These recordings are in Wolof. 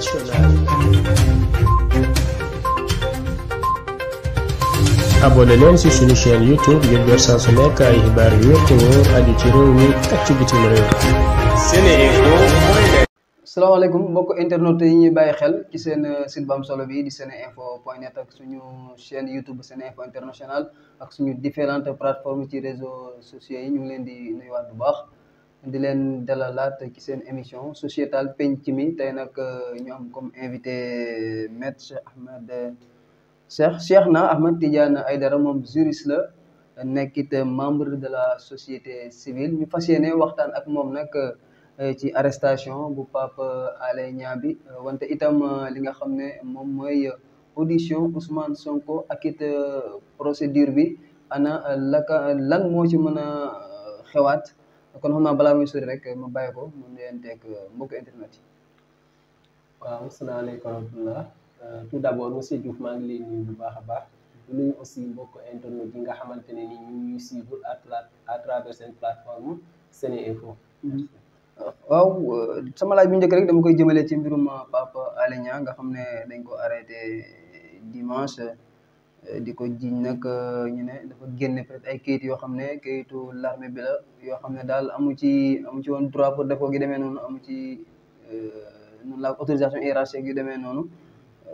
internationale. abonné leen ci suñu chaîne youtube ngir jot saa su nekk ay xibaar yu wér te wóor ci réew mi ak ci bitim réew. salaamaaleykum mbokk internautes yi ñuy bàyyi xel ci seen euh, site bu solo bi di seneinfo point net ak suñu chaîne youtube seneinfo international ak suñu différentes plateformes ci réseau sociaux yi ñu ngi leen di nuyuwaat bu baax. di leen dalalaat ci seen émission sociétal penc mi tey nag euh, ñu am comme invité maître Cheikh Ahmed Cheikh Cheikh na Ahmed ay dara moom juriste la nekkit membre de la société civile ñu fas yéene waxtaan ak moom nag euh, ci arrestation bu Pape Alé Niang bi wante itam euh, li nga xam ne moom mooy audition Ousmane Sonko ak it procédure bi ana laka lan moo ci mën a xewaat kon xam naa balaa muy rek ma bàyyi ko mu nuyanteeg euh, mbokk internet yi. waaw asalaamaaleykum wa rahmatulah euh, tout d'abord monsieur Diouf maa ngi lay bu baax a baax di nuyu aussi mbokk internet yi nga xamante ne ni ñu ngi travers seen plateforme Seneinfo. Mm-hmm. waaw euh, sama laaj bu njëkk rek dama koy jëmale ci mbirum Pape Alé Niang nga xam ne dañ ko arrêté dimanche. di ko jiñ nag euh, ñu ne dafa génne peut ay kayit yoo xam ne kayitu l'armée bi la yoo xam ne daal amu ci amu ci woon droit pour def gi demee noonu amu ci euh, noonu la autorisation hiérarchique gi demee noonu euh,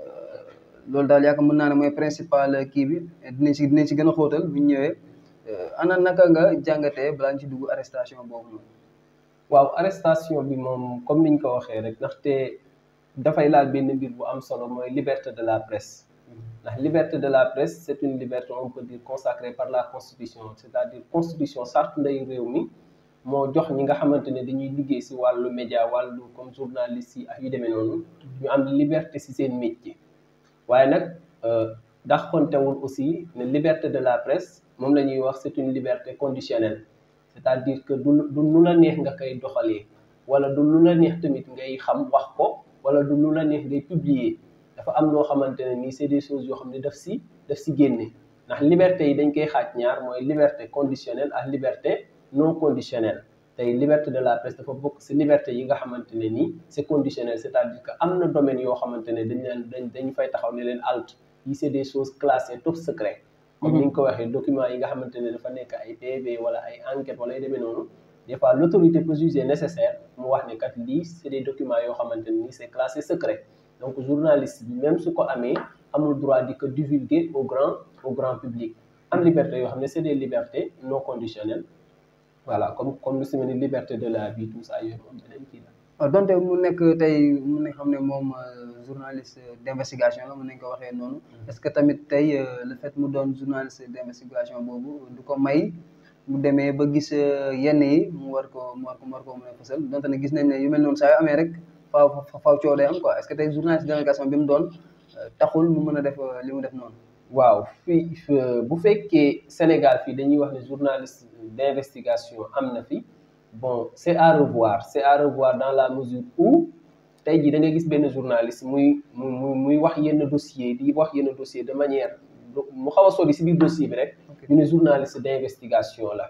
loolu daal yaakaar mën naa ne mooy principal kii bi dinañ si dinañ si gën a xootal bu ñu ñëwee ana naka nga jàngatee balaa ñu ci dugg arrestation boobu noonu. waaw arrestation bi moom comme niñ ko waxee rek ndaxte dafay laal benn mbir bu am solo mooy liberté de la presse. ndax liberté de la presse c'est une liberté on peut dire consacrée par la constitution c'est-à-dire constitution sartu ndeyu réew mi moo jox ñi nga xamante ne dañuy liggéey ci wàllu média wàllu comme journaliste yi ak yu demee noonu ñu am liberté ci seen métier waaye nag ndax euh, dàqontewul aussi ne liberté de la presse moom la ñuy wax c'est une liberté conditionnelle c'est-à-dire que du du lu la neex nga koy doxalee wala du lu la neex tamit ngay xam wax ko wala du lu la neex ngay publier dafa am noo xamante ne nii c'est des choses yoo xam ne daf si daf si génne ndax liberté yi dañ koy xaaj ñaar mooy liberté conditionnelle ak liberté non conditionnelle tey liberté de la presse dafa bokk si liberté yi nga xamante ne nii c'est conditionnel c'est-à-dire que am na domaine yoo xamante ne dañ leen dañ fay taxaw ne leen halte yi c'est des choses classées top secret comme ni ko waxee document yi nga xamante ne dafa nekk ay PV wala ay enquête wala ay noonu des fois l'autorité peut juger nécessaire mu wax yoo xamante ne nii c'est classé secret donc journaliste bi même su ko amee amul droit di ko divulguer au grand au grand public am liberté yoo xam ne c'est des libertés non conditionnelles voilà comme comme lu si mel ni liberté de la vie tout ça yooyu moom beneen kii la. Ah, donte mu nekk tey mun nañ xam ne moom euh, journaliste d'investigation la mun nañ ko waxee noonu mm. est-ce que tamit tey euh, le fait mu doon journaliste d'investigation boobu du ko may mu demee ba gis euh, yenn yi mu war ko mu war ko mu war ko mën a fësal donte ne gis nañ ne yu mel noonu saa amee rek. faaw faaw coow day am quoi est-ce que tey journaliste délégation bi mu doon euh, taxul mu mën a def euh, li mu def noonu. waaw fii bu fekkee Sénégal fii dañuy wax ne journaliste d'investigation am na fi bon c'est à revoir c'est à revoir dans la mesure où tey jii da gis benn journaliste muy mu muy wax yenn dossier di wax yenn dossier de manière mu xaw a sori si biir dossier bi rek. ñu ne journaliste d'investigation la.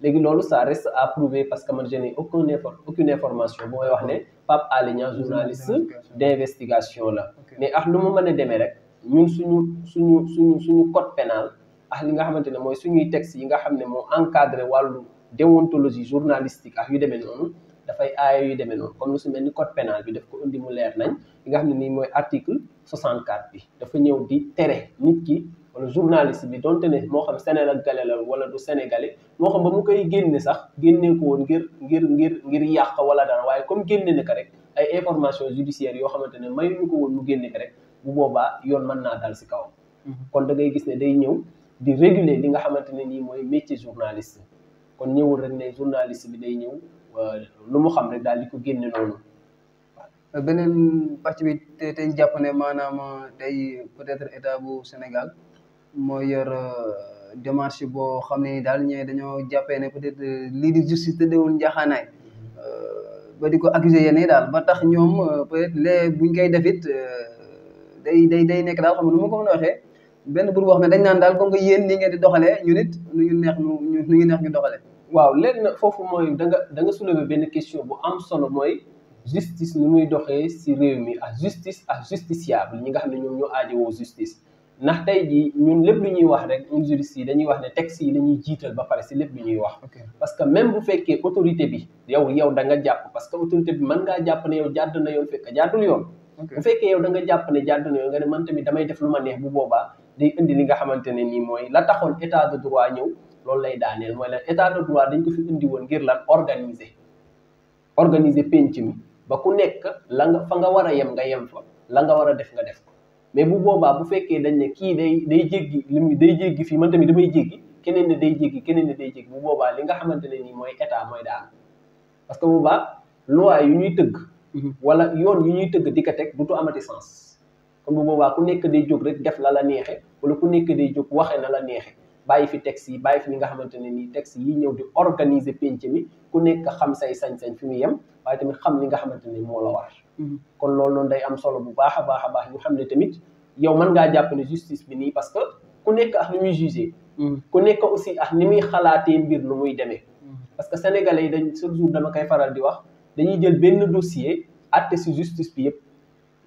léegi loolu ça reste à prouver parce que man je n'ai aucun effort aucune information bu may wax ne Pape Alé Niang journaliste d'investigation la mais ak lu ma mën a demee rek ñun suñu suñu suñu suñu code pénal ak li nga xamante ne mooy suñuy texte yi nga xam ne moo encadré wàllu déontologie journalistique ak yu demee noonu dafay aaya yu demee noonu comme lu su mel ni code pénal bi daf ko indi mu leer nañ li nga xam ne nii mooy article 64 bi dafa ñëw di tere nit ki wala journaliste bi donte ne moo xam sénégalais la wala du sénégalais moo xam ba mu koy génne sax génne ko woon ngir ngir ngir ngir yàq wala dara waaye comme génne na ko rek ay information judiciaire yoo xamante ne mayuñu ko woon mu génne ko rek bu boobaa yoon mën naa dal si kawam. Mhm. kon da ngay gis ne day ñëw di réguler li nga xamante ne nii mooy métier journaliste kon ñëwul rek ne journaliste bi day ñëw euh, lu mu xam rek daal di ko génne noonu. beneen pàcc bi te tey jàpp ne maanaam day peut-être état bu Sénégal. moo yor euh, démarche boo xam ne daal ñee dañoo jàppee ne peut-être euh, lii di justice tëddeewul njaaxaanaay euh, ba di ko accuser yenn yi daal ba tax ñoom peut-être lee buñ koy def it day day day nekk daal xam nga nu ma ko mën a waxee benn bur boo xam ne dañ naan daal comme que yéen ni ngeen di doxalee ñun it nu ñu neex nu nu ñu neex ñu doxalee. waaw léegi foofu mooy da nga da nga soulever benn question bu am solo mooy. justice ni muy doxee ci réew mi a justice ak justiciable ñi nga xam ne ñoom ñoo aajowoo ndax tey jii ñun lépp lu ñuy wax rek ñun juristes yi dañuy wax ne textes yi la ñuy jiital ba pare si lépp lu ñuy wax. parce que même bu fekkee autorité bi yow yow da nga jàpp que autorité bi mën jàpp ne yow jàdd na yoon fekk jàddul yoon. bu fekkee yow danga jàpp ne jàdd na yoon nga ne man tamit damay def lu ma neex bu boobaa day indi li nga xamante ne nii mooy la taxoon état de droit ñëw loolu lay daaneel mooy lan état de droit dañ ko fi indi woon ngir lan organiser organiser penc mi ba ku nekk la fa nga war a yem nga yem fa la nga war a def nga def. mais bu boobaa bu fekkee dañ ne kii day day jéggi muy day jéggi fii man tamit damay jéggi keneen ne day jéggi keneen day jéggi bu boobaa li nga xamante ne nii mooy état mooy daan parce que bu boobaa loi yu ñuy tëgg. Mhm. wala yoon yu ñuy tëgg di ko teg dutu amati sens. kon bu boobaa ku nekk day jóg rek def la la neexe wala ku nekk day jóg waxe na la neexe bàyyi fi texte yi bàyyi fi li nga xamante ne nii texte yi ñëw di organiser penc mi ku nekk xam say sañ-sañ fi mu yem waaye tamit xam li nga xamante ne moo Mhm. kon loolu noonu day am solo bu baax a baax a baax ñu xam ne tamit yow mën ngaa jàpp ne justice bi nii parce que ku nekk ak ni muy jugé. Mhm. ku nekk aussi ak ni muy xalaatee mbir nu muy demee. Mhm. parce que sénégalais yi dañ chaque jour dama koy faral di wax dañuy jël benn dossier àtte si justice bi yëpp.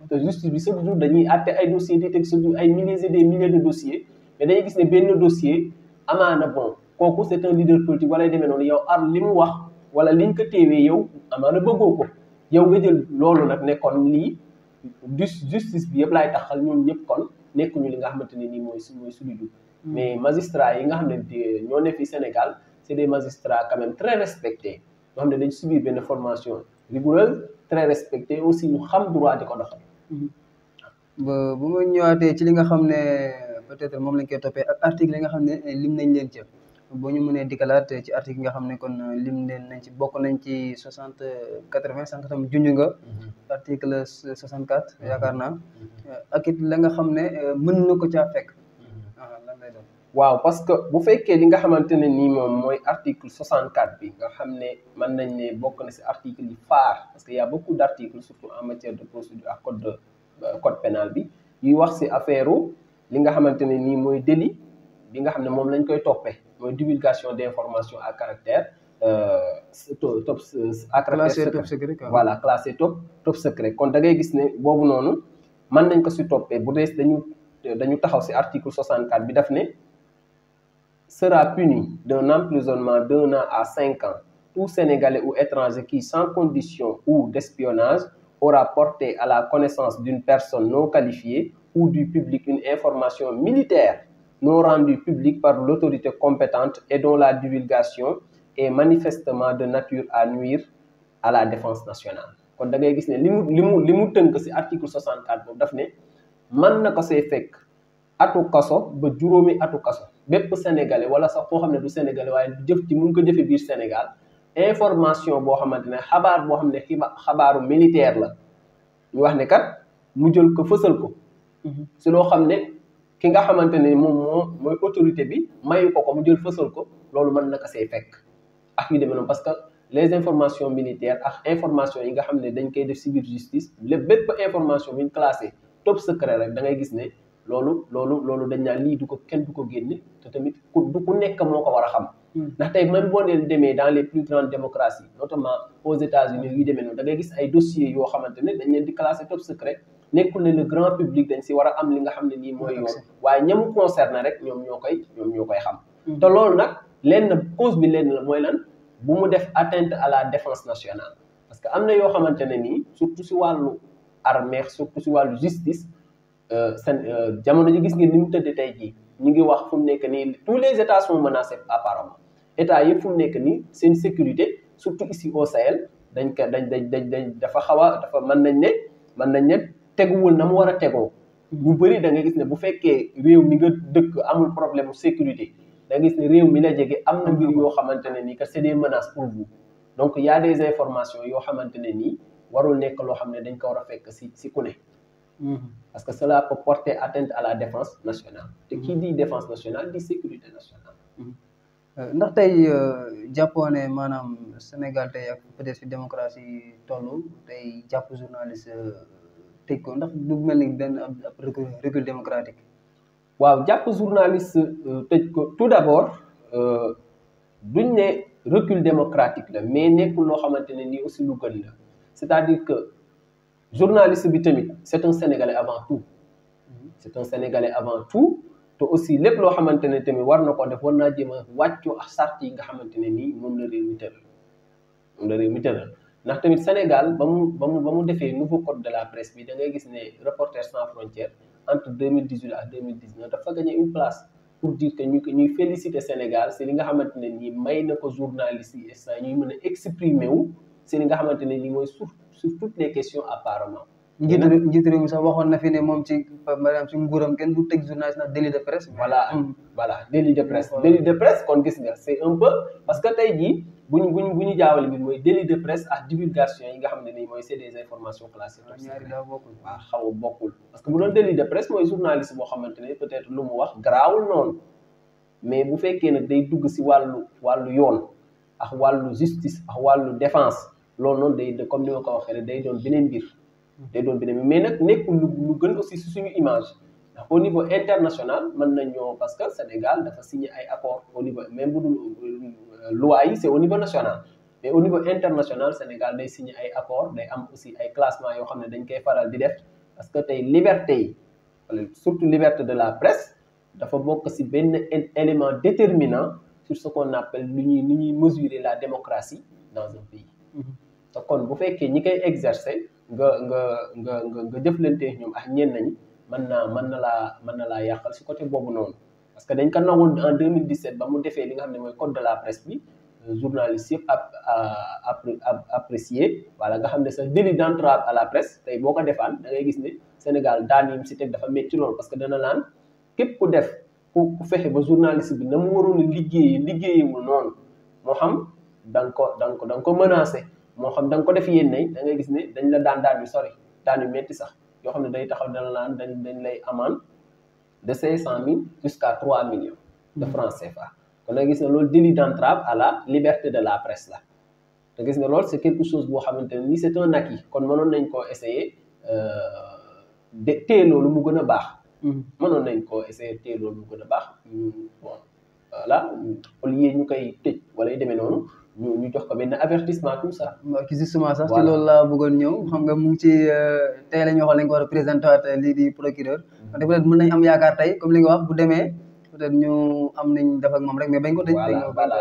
te justice bi chaque jour dañuy àtte ay dossiers di teg chaque jour ay milliers et des milliers de dossiers mais dañuy gis ne benn dossier amaana bon kooku c'est un leader politique wala demee noonu yow ar li mu wax wala liñ ko téewee yow amaana bëggoo ko. yow nga jël loolu nag ne kon lii justice bi yëpp laay taxal ñoom ñëpp kon nekkuñu li nga xamante ne nii mooy su mooy suñu mm. mais magistrats yi nga xam ne ñoo ne fii Sénégal c'est des magistrats quand même très respecté ñoo xam ne dañ subir benn formation rigoureuse très respectée aussi ñu xam droit di ko doxal. Mm-hmm. ba bu ñëwaatee ci li nga xam ne peut-être moom lañ koy toppee ak article yi nga xam ne lim nañ leen ci boo ñu mënee dikkalaat ci article yi nga xam ne kon euh, lim leen nañ ci bokk nañ ci soixante quatre vingt sànq tam junj nga. Mm-hmm. article soixante quatre mm-hmm. yaakaar naa. Mm-hmm. ak la nga xam ne euh, mën na ko caa fekk. Ah, lan lay waaw parce que bu fekkee li nga xamante ne nii moom mooy article soixante quatre bi nga xam ne mën nañ ne bokk na si article yi phare parce que y' a beaucoup d' surtout en matière de procédure ak code de euh, pénal bi yuy wax si affaire li nga xamante ne nii mooy délit. bi nga xam ne moom lañ koy toppee mooy divulgation d'information à caractère euh, top euh, à caractère top secret voilà classé top top secret kon da ngay gis ne boobu noonu mën nañ ko si toppee bu dee dañu dañu taxaw si article 64 bi daf ne sera puni d'un emprisonnement d'un an à cinq ans tout Sénégalais ou étranger qui sans condition ou d'espionnage aura porté à la connaissance d'une personne non qualifiée ou du public une information militaire non rendu public par l'autorité compétente et dont la divulgation est manifestement de nature à nuire à la défense nationale kon dangay gis ne li mu li mu li mu tënk ci article 64 boobu daf ne man na ko see fekk atu kaso ba juróomi atu kaso bépp sénégalais wala sax koo xam ne du sénégalais waaye du jëf ci mun ko jëfe biir Sénégal information boo xamante ne xabaar boo xam ne xiba xabaaru militaire la ñu wax ne kat mu jël ko fësal ko mhm. si loo xam ne ki nga xamante ne moom moo mooy autorité bi mayu ko ko mu jël fësal ko loolu mën na ko see fekk ak yu demee noonu parce que les informations militaires ak informations yi nga xam ne dañ koy def ci biir justice lépp bépp information bi ñu classé top secret rek da ngay gis ne loolu loolu loolu dañ naan lii du ko kenn du ko génne te tamit ku du ku nekk moo ko war a xam Hmm. ndax tey même boo dee demee dans les plus grandes démocraties notamment aux États-Unis yu demee noonu da ngay gis ay dossiers yoo xamante ne dañ leen di classé top secret nekkul ne le grand public dañ si war a am li nga xam ne nii mooy yoon waaye ñam concerné rek ñoom ñoo koy ñoom ñoo koy xam hmm. te loolu nag lenn cause bi leen la mooy lan bu mu def atteinte à la défense nationale parce que am na yoo xamante ne nii surtout si wàllu armée surtout si wàllu justice euh, seen euh, jamono ji gis ngeen ni mu tëdd tey jii ñu ngi wax fu nekk nii tous les états sont menacés apparemment état yëpp fu nekk nii seen sécurité surtout ici au dañ ko dañ dañ dañ dañ dafa xaw a dafa mën nañ ne mën nañ ne teguwul na mu war a tegoo ñu bëri da nga gis ne bu fekkee réew mi nga dëkk amul problème mu sécurité da gis ne réew mi la jege am na mbir yoo xamante ne nii que c'est des menaces pour vous donc y des informations yoo xamante ne nii warul nekk loo xam ne dañ ko war a fekk si si ku Mm-hmm. parce que cela peut porter atteinte à la défense nationale te qui dit défense nationale dit sécurité nationale mm-hmm. euh, ndax tey euh, jàppoo ne maanaam Sénégal tey ak peut-être fi démocratie toll tey jàpp journaliste euh, tëj ko ndax du mel ni benn ab démocratique waaw jàpp journaliste tëj ko tout d'abord duñ ne recul démocratique la mais nekkul loo xamante ne nii aussi lu gën la c'est-à-dire que journaliste bi tamit c'est un sénégalais avant tout c'est un avant tout te aussi lépp loo xamante ne tamit war na ko def war naa jéem a wàccoo ak yi nga xamante ne nii moom la réew mi tëral moom ndax tamit Sénégal ba mu mu defee nouveau code de la bi da ngay gis ne Reporters sans frontières entre deux mille dix huit ak deux mille dix neuf ñuy féliciter Sénégal li nga xamante ne nii may na ko journaliste yi instant ñuy mën a exprimer wu c'est li nga xamante ne nii mooy suuf. sur toutes les questions apparemment. njiitu njiitu réew mi sax waxoon na fi ne moom ci maanaam ci nguuram kenn du teg journaliste na délit de presse. voilà mm. voilà de presse délit de presse kon gis nga c'est un peu parce que tey jii bu ñu bu ñu bu ñu jaawale mbir mooy délit de presse ak divulgation yi nga xam ne nii mooy c'est des informations classées. ñaari daa bokkul waaw ah, xaw a bokkul. parce que bu doon délit de presse mooy peut-être lu mu wax garaawul noonu mais bu fekkee nag day dugg si wàllu wàllu yoon ak wàllu justice ak wàllu défense. loolu noonu day comme ni ma ko waxee day doon beneen mbir. day doon beneen mais nag nekkul lu gën aussi si suñu image ndax au niveau international mën nañoo parce que Sénégal dafa signé ay accord au niveau même bu dul euh, loi yi au niveau national. mais au niveau international Sénégal day signé ay accord day am aussi ay classement yoo xam ne dañ koy faral di def parce que tey liberté yi surtout liberté de la presse dafa bokk ci benn élément déterminant sur ce qu'on appelle lu ñuy ni ñuy mesurer la démocratie dans un pays. Mm-hmm. te kon bu fekkee ñi koy exercer nga nga nga nga nga jëflantee ñoom ak ñeen nañ mën naa mën na laa mën na laa yàqal si côté boobu noonu parce que dañ ko nangoon en 2017 ba mu defee li nga xam ne mooy code de la presse bi euh, journaliste yëpp ap apprécié wala nga xam ne sa délit à la presse tey boo ko defaan da ngay gis ne Sénégal daan si teg dafa métti lool parce que dana naan képp ku def ku ku fexe ba journaliste bi na mu waroon a liggéey liggéeyewul noonu moo xam da nga ko da nga ko da nga moo xam da nga ko def yéen da ngay gis ne dañ la daan daan yu sori daan yu metti sax yoo xam ne day taxaw dana naan dañ dañ lay amende de cinq cent mille jusqu'à trois millions de hmm. francs CFA kon da gis ne loolu délit d'entrave à la liberté de la presse la te gis nga loolu c'est quelque chose boo xamante ne ni c'est un acquis kon mënoon nañ koo essayer euh, de lu mu gën a baax hmm. mënoon nañ koo essayer téye loolu mu gën a baax hmm, bon voilà au lieu ñu koy tëj wala yu demee noonu ñu ñu jox ko benn avertissement tout ça. waaw ci justement sax ci loolu laa bëggoon ñëw xam nga mu ngi ci euh, tey la ñu waxoon lañ ko war a euh, lii di procureur. te mm-hmm. peut être nañ am yaakaar tey comme li nga wax bu demee peut être ñu am nañ def ak moom rek mais bañ ko tëj. voilà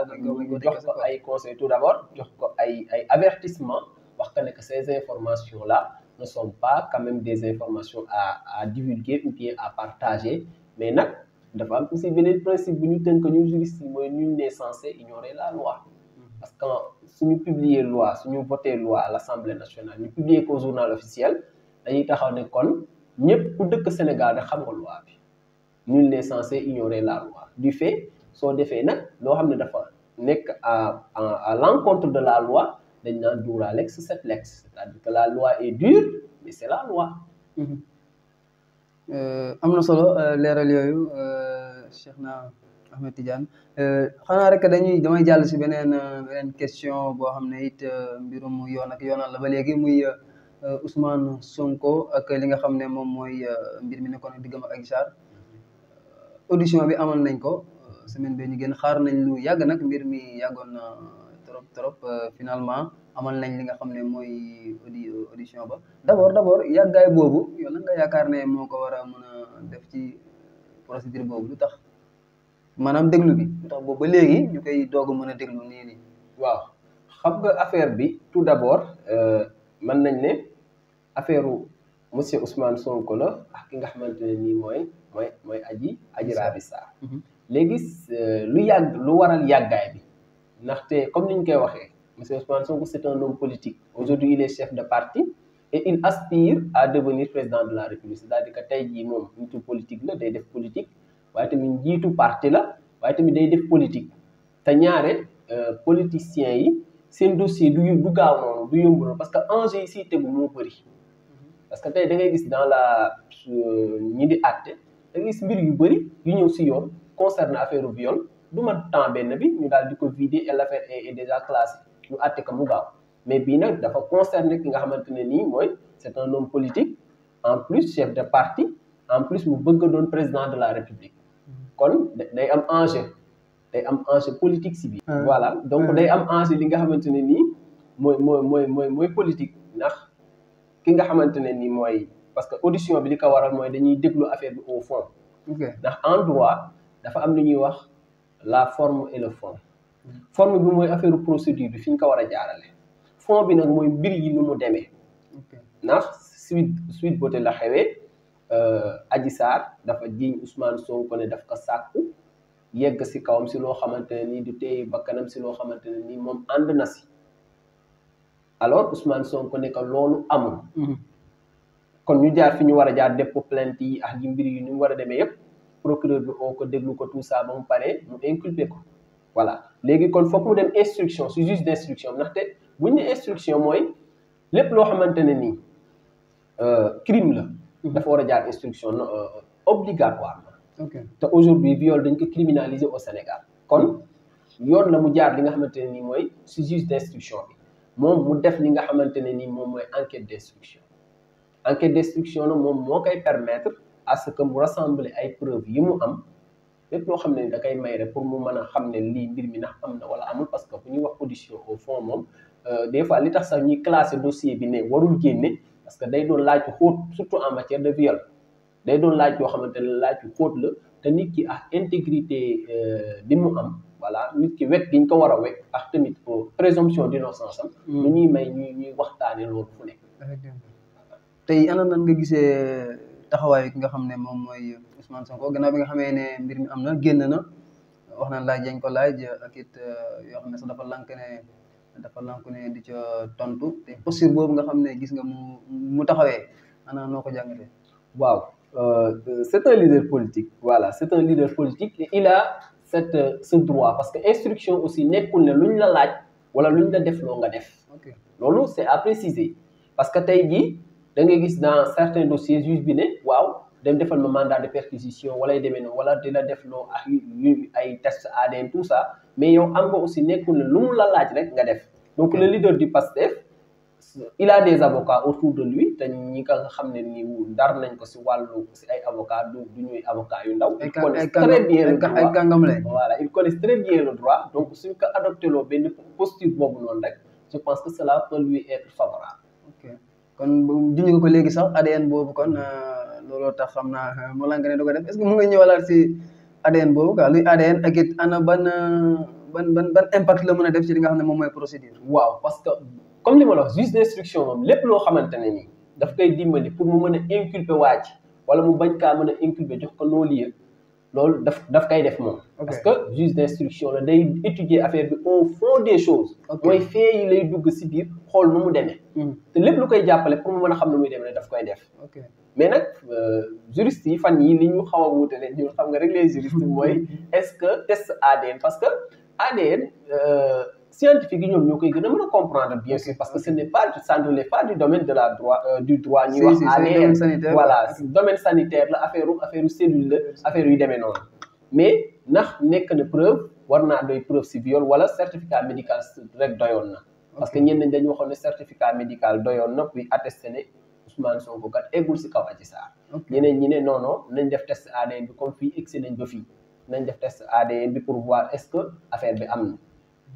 jox ko ay conseil tout d' abord jox ko ay ay avertissement wax que ne que ces informations la ne sont pas quand même des informations à à divulguer ou bien à partager mais nag dafa am aussi beneen principe bu ñu tënk ñun juriste yi mooy ñu n'est censé ignorer la loi. parce que suñu publier loi suñu voté loi à l'Assemblée nationale ñu publier ko journal officiel dañuy taxaw ne kon ñëpp ku dëkk Sénégal de xam nga loi bi nul n'est ignorer la loi du fait soo defee nag loo xam ne dafa nekk à à l'encontre de la loi dañ naan dura lex sed lex c'est-à-dire que la loi est dure mais c'est la loi euh, am na solo euh, leeral yooyu euh, Cheikhna Ahmed Tidiane euh, xanaa rek dañuy damay jàll si beneen euh, beneen question boo xam ne it euh, mbirum yoon yoona yoonal la ba léegi muy Ousmane Sonko ak li nga xam ne moom mooy mbir mi nekkoon ak diggam ak Adji audition bi amal nañ ko semaine bee ñu gën xaar nañ lu yàgg nag mbir mi yàggoon na trop trop finalement amal nañ li nga xam ne mooy audi audition ba d'abord d'abord yàggaay boobu yow lan nga ne moo ko war a mën a def ci procédure boobu lu tax. maanaam déglu bi ndax boobu ba léegi ñu koy doog a mën a déglu nii nii. waaw xam nga affaire bi tout d'abord euh, mën nañ ne affaire monsieur Ousmane Sonko la ak ki nga xamante ne nii mooy mooy mooy aji aji Rabi Sarr. Mhm. léegi euh, lu yàgg lu waral yàggaay bi ndaxte comme ni ñu koy waxee monsieur Ousmane Sonko c'est un homme politique aujourd'hui il est chef de parti et il aspire à devenir président de la République c'est-à-dire que tey jii moom nitu politique la day def politique. waaye tamit njiitu parti la waaye tamit day def politique te ñaare euh, politiciens yi seen dossier du du gaaw noonu du yomb noonu parce que enjeu yi si tegu moo bëri parce que tey da ngay gis dans la euh, ñi di àtte da ngay gis mbir yu bëri yu ñëw si yoon concerne affaire u viol du mat temps benn bi ñu daal di ko vider et l'affaire est déjà classée ñu atte ko mu gaaw mais bii nag dafa concerner ki nga xamante ne nii mooy c'est un homme politique en plus chef de parti en plus mu bëgg a président de la république kon day am enjeu day am enjeu politique si biir. Ah. voilà donc ah. day am enjeu li nga xamante ne nii mooy mooy mooy mooy politique ndax ki nga xamante ne nii mooy parce que audition bi li ko waral mooy dañuy déglu affaire bi au fond. ndax en droit dafa am lu ñuy wax la forme et le fond. forme bi mooy affaire procédure bi fi ñu ko war a jaarale. fond bi nag mooy mbir yi nu mu demee. ndax suite suite boote la xewee. Euh, aji Sarr dafa jiiñ Ousmane Sonko ne daf ko sàkku yegg si kawam si loo xamante ne nii du téye bakkanam si loo xamante ne nii moom ànd na si alors Ousmane Sonko ne ko loolu amul. Mm-hmm. kon ñu jaar fi ñu war a jaar dépôt plainte yi ak yi mbir yi ni war a demee yëpp procureur bi oo ko déglu ko tout ça ba mu paree mu inculpé ko voilà léegi kon foog mu dem instruction si juge d'instruction ndaxte bu ñu ne instruction mooy lépp loo xamante ne nii euh, crime la. dafa war a jaar instruction euh, euh, obligatoire ok te aujourd'hui viol dañ ko criminaliser au Sénégal kon yoon la mu jaar li nga xamante ne nii mooy si juge d'instruction bi moom mu def li nga xamante ne nii moom mooy enquête d'instruction enquête d'instruction la moom moo koy permettre à ce que mu rassembler ay preuves yi mu am lépp loo xam ne da koy may rek pour mu mën a xam ne lii mbir mi ndax am na wala amul parce que bu ñuy wax audition au fond moom euh, des fois li tax sax ñuy classer dossier bi ne warul génne parce que day doon laaj xóot surtout en matière de viol day doon laaj yoo xamante ne laaj xóot la te nit ki ak intégrité euh, bi mu am voilà nit ki wet gi ñu ko war a wekk ak tamit présomption d'innocence am lu hmm. ñuy may ñuy ñuy waxtaane loolu fu nekk tey ana nan nga gisee taxawaay ki nga xam ne moom mooy Ousmane Sonko gannaaw bi nga xamee ne mbir mi am na génn na wax na laaj yañ ko laaj ak euh, yoo xam ne sax dafa lank ne dafa lànk ne di ca tontu te posture boobu nga xam ne gis nga mu mu taxawee ana noo ko jàngatee. waaw euh, c'est un leader politique voilà c'est un leader politique et il a cette ce droit parce que instruction aussi nekkul ne luñ la laaj wala lu luñ la def loo nga def. loolu c'est à préciser parce que tey jii da ngay gis dans certains dossiers juge bi ne waaw dem defal ma mandat de perquisition wala yu demee noonu wala di la def loo ay ay test ADN tout ça mais yow am nga aussi nekkul ne lu mu la laaj rek nga def donc le leader du PASTEF il a des avocats autour de lui te ñi nga xam ne nii dar nañ ko si wàllu si ay avocats du du ñuy avocats yu ndaw. ils connaissent très bien le droit ay kàngam lay voilà ils connaissent très bien le droit donc suñ ko adopté loo benn posture boobu noonu rek je pense que cela peut lui être favorable. ok kon juñu nga ko léegi sax ADN boobu kon euh, looloo tax xam naa mu lànk ne du ko def est-ce que mu nga ñëwalaat si ADN boobu quoi luy ADN ak it ana ban. Euh, ban ban ban impact la mën a def ci li nga xam ne moom mooy procédure. waaw parce que comme li ma la wax juge d'instruction moom lépp loo xamante ne nii dimbali pour mu mën a inculper waa ji wala mu bañ kaa mën a jox ko non lieu loolu daf daf koy def moom. parce que juge d'instruction la day étudier affaire bi au fond des choses. mooy fee yi lay si biir xool nu mu demee. Hmm. te lépp lu koy jàppale pour mu mën a xam nu muy demee daf koy def. mais nag euh, juristes yi fan yi ni ñu xaw a wutale ñun xam nga rek les juristes mooy est-ce que test ADN parce que ADN euh, scientifique yi ñoom ñoo koy gën a mën a comprendre bien sûr parce que ce n'est pas ça ne relève pas du domaine de la droit euh, du droit ñuy wax ADN voilà sanitaire la affaire affaire cellule la affaire yu demee noonu mais ndax nekk na preuve war naa doy preuve si viol wala certificat médical rek doyoon na parce que ñenn ñi dañu waxoon ne certificat médical doyoon na kuy attesté ne Ousmane Sonko kat eggul si kaw Adji Sarr ñeneen ñi ne noonu non def test ADN bi fii egsi nañ fii nañ def test ADN bi pour voir est-ce que affaire bi am na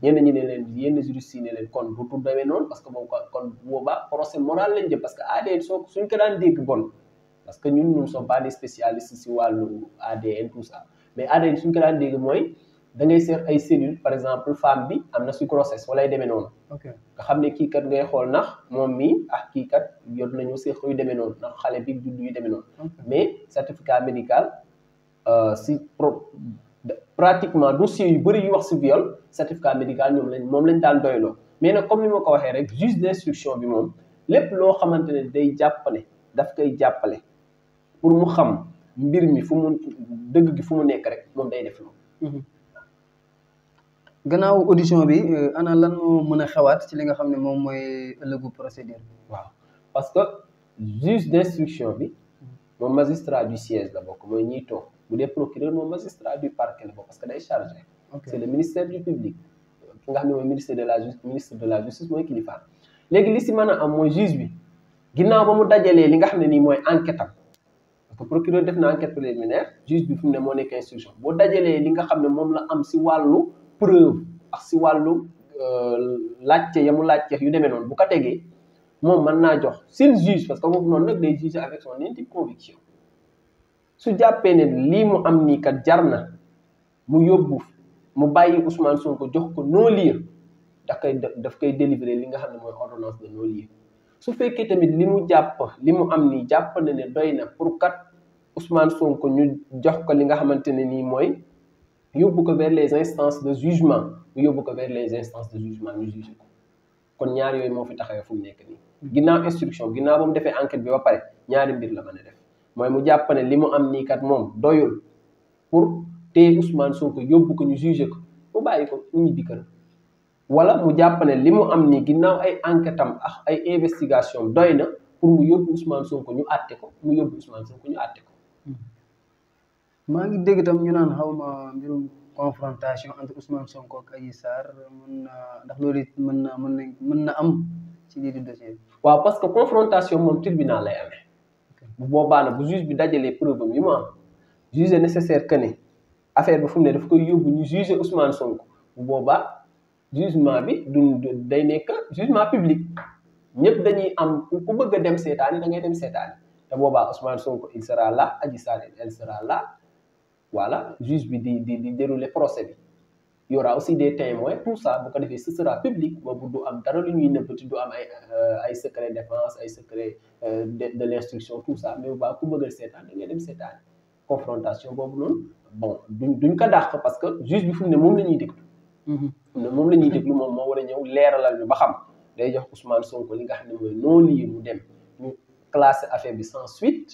ñenn ñi ne leen yenn juristes yi ne leen kon bu du demee noonu parce que moom kon boobaa procès moral lañ jëm parce que ADN soo suñ ko daan dégg bon parce que ñun nous sommes pas des spécialistes si wàllu ADN tout ça mais ADN suñ ko daan dégg mooy dangay ngay ay cellules par exemple femme bi am na si grossesse walay demee noonu. nga xam ne kii kat ngay xool nax moom mi ah kiikat kat jot nañu seq yu demee noonu ndax xale bi juddu yu demee noonu. mais certificat médical. Euh, si pro pratiquement dossier yu bëri yu wax si viol certificat médical ñoom lañ moom lañ daan doyloo mais na comme ni ma ko waxee rek juge d'instruction bi moom lépp loo xamante ne day jàppale daf koy jàppale pour mu xam mbir mi fu dëgg gi fu mu rek day def mhm. gannaaw audition bi euh, ana lan mën a xewaat ci li nga xam ne moom mooy ëllëgu procédure waaw parce que juge d'instruction bi moom magistrat du siège la bokk mooy ñiy bu dee procureur moom magistrat du parquet la ko parce que day chargé c'est le ministère du public ki nga xam ne mooy ministre de la ministre de la justice mooy kilifa léegi si mën a am mooy juge bi ginnaaw ba mu dajalee li nga xam ne nii mooy enquête am parce que procureur def na enquête préliminaire juge bi fu mu ne moo nekk instruction boo dajalee li nga xam ne moom la am si wàllu preuve ak si wàllu euh, laajte ya mu laaj laajte yu demee noonu bu ko tegee moom mën naa jox seen juge parce que foofu noonu nag day juger avec son intime conviction su jàppee ne lii mu am nii kat jar na mu yóbbu mu bàyyi Ousmane ko jox ko non-lieu daf koy daf koy délivrer li nga xam ne mooy ordonnance de non-lieu su fekkee tamit li mu jàpp li mu am nii jàpp na ne doy na pour kat Ousmane Sonko ñu jox ko li nga xamante ne nii mooy yóbbu ko vers les instances de jugement mu yóbbu ko vers les instances de jugement ñu juge ko kon ñaar yooyu moo fi taxawee fu mu nekk nii. Hmm. ginnaaw instruction ginnaaw ba mu defee enquête bi ba pare ñaari mbir la mën a def. mooy mu jàpp li mu am nii kat moom doyul pour téye Ousmane Sonko yóbbu ko ñu jugé ko mu bàyyi ko mu ñibbi kër wala mu jàpp li mu am nii ginnaaw ay enquête am ak ay investigation doy na pour mu yóbbu Ousmane Sonko ñu àtte ko mu yóbbu Ousmane Sonko ñu àtte ko. Hmm. maa ngi dégg tam ñu naan xaw ma confrontation entre Ousmane Sonko ak Adji Sarr mën na ndax loolu it mën na mën na mën na am ci lii di dossier bi. waaw parce que confrontation moom naa lay amee. bu boobaa na bu juge bi dajalee preuve am mi mu am juge nécessaire que ne affaire bi fu mu ne daf koy yóbbu ñu juge Ousmane Sonko bu boobaa jugement bi du day nekk jugement public ñëpp dañuy am ku bëgg a dem seetaani da ngay dem seetaani te boobaa Ousmane Sonko il sera là aji Sarr elle sera là voilà juge bi di di di dérouler procès bi. y aussi des témoins tout ça bu ko defee ce sera public boobu du am dara lu ñuy nëbbati du am ay euh, ay secret défense ay secret euh, de de l'instruction tout ça mais ba baax ku bëggal seetaan da dem seetaan confrontation boobu noonu bon duñ duñ ko dàq parce que juge bi fu mu ne moom la ñuy déglu mm-hmm. fu moom la ñuy déglu moom moo war a ñëw leeralal ñu ba xam day jox Ousmane Sonko li nga xam ne mooy noo lii mu dem ñu classé affaire bi sans suite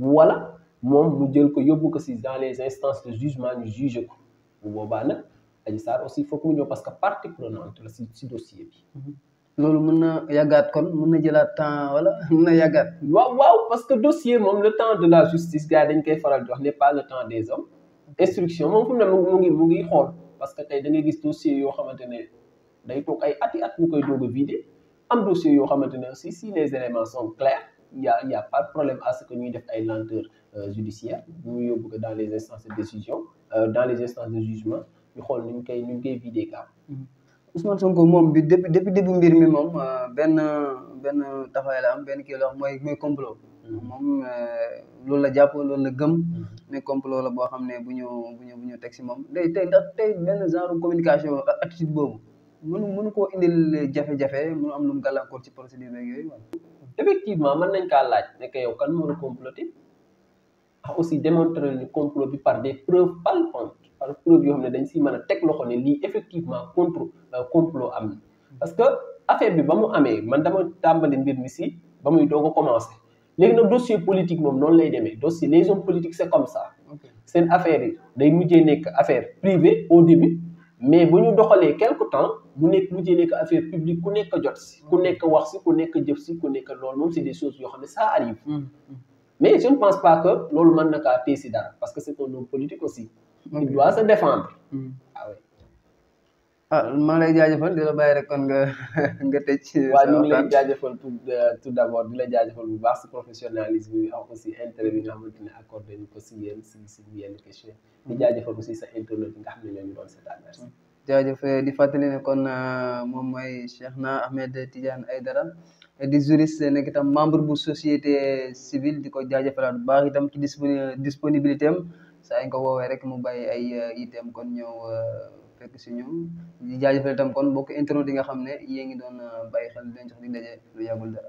wala moom mu jël ko yóbbu ko si dans les instances de jugement ñu bu boobaa nag Adji Sarr aussi foog mu ñëw parce que partie prenante la si si dossier bi. Mhm. loolu mën na yàggaat kon mun na jëlaat temps wala mën na yàggaat. waaw waaw parce que dossier moom le temps de la justice gars dañ koy faral di wax n'est pas le temps des hommes instruction moom fu mu ngi xool parce que tey dangay gis dossier yoo xamante ne day toog ay ati at ñu koy doog a am dossier yoo xamante ne aussi si les éléments son clairs y a pas de problème à ce ñuy def ay lenteur Euh, judiciaire ñu yóbbu ko dans les instances de décision euh, dans les instances de jugement ñu xool nu ñu koy nu ñu koy vidé kaam. Mm-hmm. Ousmane Sonko moom bi depuis depuis début mbir moom euh, benn benn taxawaay am benn kii la wax mooy mooy complot. Mm-hmm. loolu la jàpp loolu la gëm. ne mm-hmm. complot la boo xam ne bu ñu bu ñu bu ñu teg si tey ndax tey communication attitude boobu mënu mënu koo indil jafe-jafe nu am lu mu gàllankoor ci procédure beeg effectivement mën nañ kaa laaj ne yow kan moo comploté. aussi démontrer le complot bi par des preuves palpantes par preuve yoo xam ne dañ si mën a teg loxo ne lii effectivement contre euh, complot am parce que affaire bi ba mu amee man dama tàmbali mbir mi si ba muy doog a commencé léegi na dossier politique moom noonu lay demee dossier les hommes politiques c'est comme ça seen affaire yi day mujjee nekk affaire privée au début mais bu ñu doxalee quelque temps mu nekk mujjee nekk affaire publique ku nekk jot si ku nekk wax si ku nekk jëf si ku nekk loolu moom c'est des choses yoo xam ne ça arrive mm, mm. mais je ne pense pas que loolu mën na kaa téye si parce que c'est un homme politique aussi. il doit se défendre. waaw. Hmm. Ah, ah maa ngi lay jaajëfal di la bàyyi rek kon nga nga tëj. Euh, waaw ñu ngi lay jaajëfal tout euh, tout d'abord di la jaajëfal bu baax si professionnalisme bi ak aussi intérêt bi nga xamante ne accordé ñu ko si yéen si si yenn question di hmm. jaajëfal aussi sa internet bi nga xam ne ñoo ñu doon seetaan merci. Hmm. jaajëf di fàttali ne kon euh, moom mooy Cheikhna Ahmed Tidiane Aidara. di juriste nekk itam membre bu société civile di ko jaajëfalaat bu baax itam ci disponibilité am saa ñu ko woowee rek mu bàyyi ay euh, itam kon ñëw euh, fekk si ñoom di jaajëfal itam kon mbokk internet yi nga xam ne yéen ngi doon euh, bàyyi xel di leen jox di daje lu yàggul dara.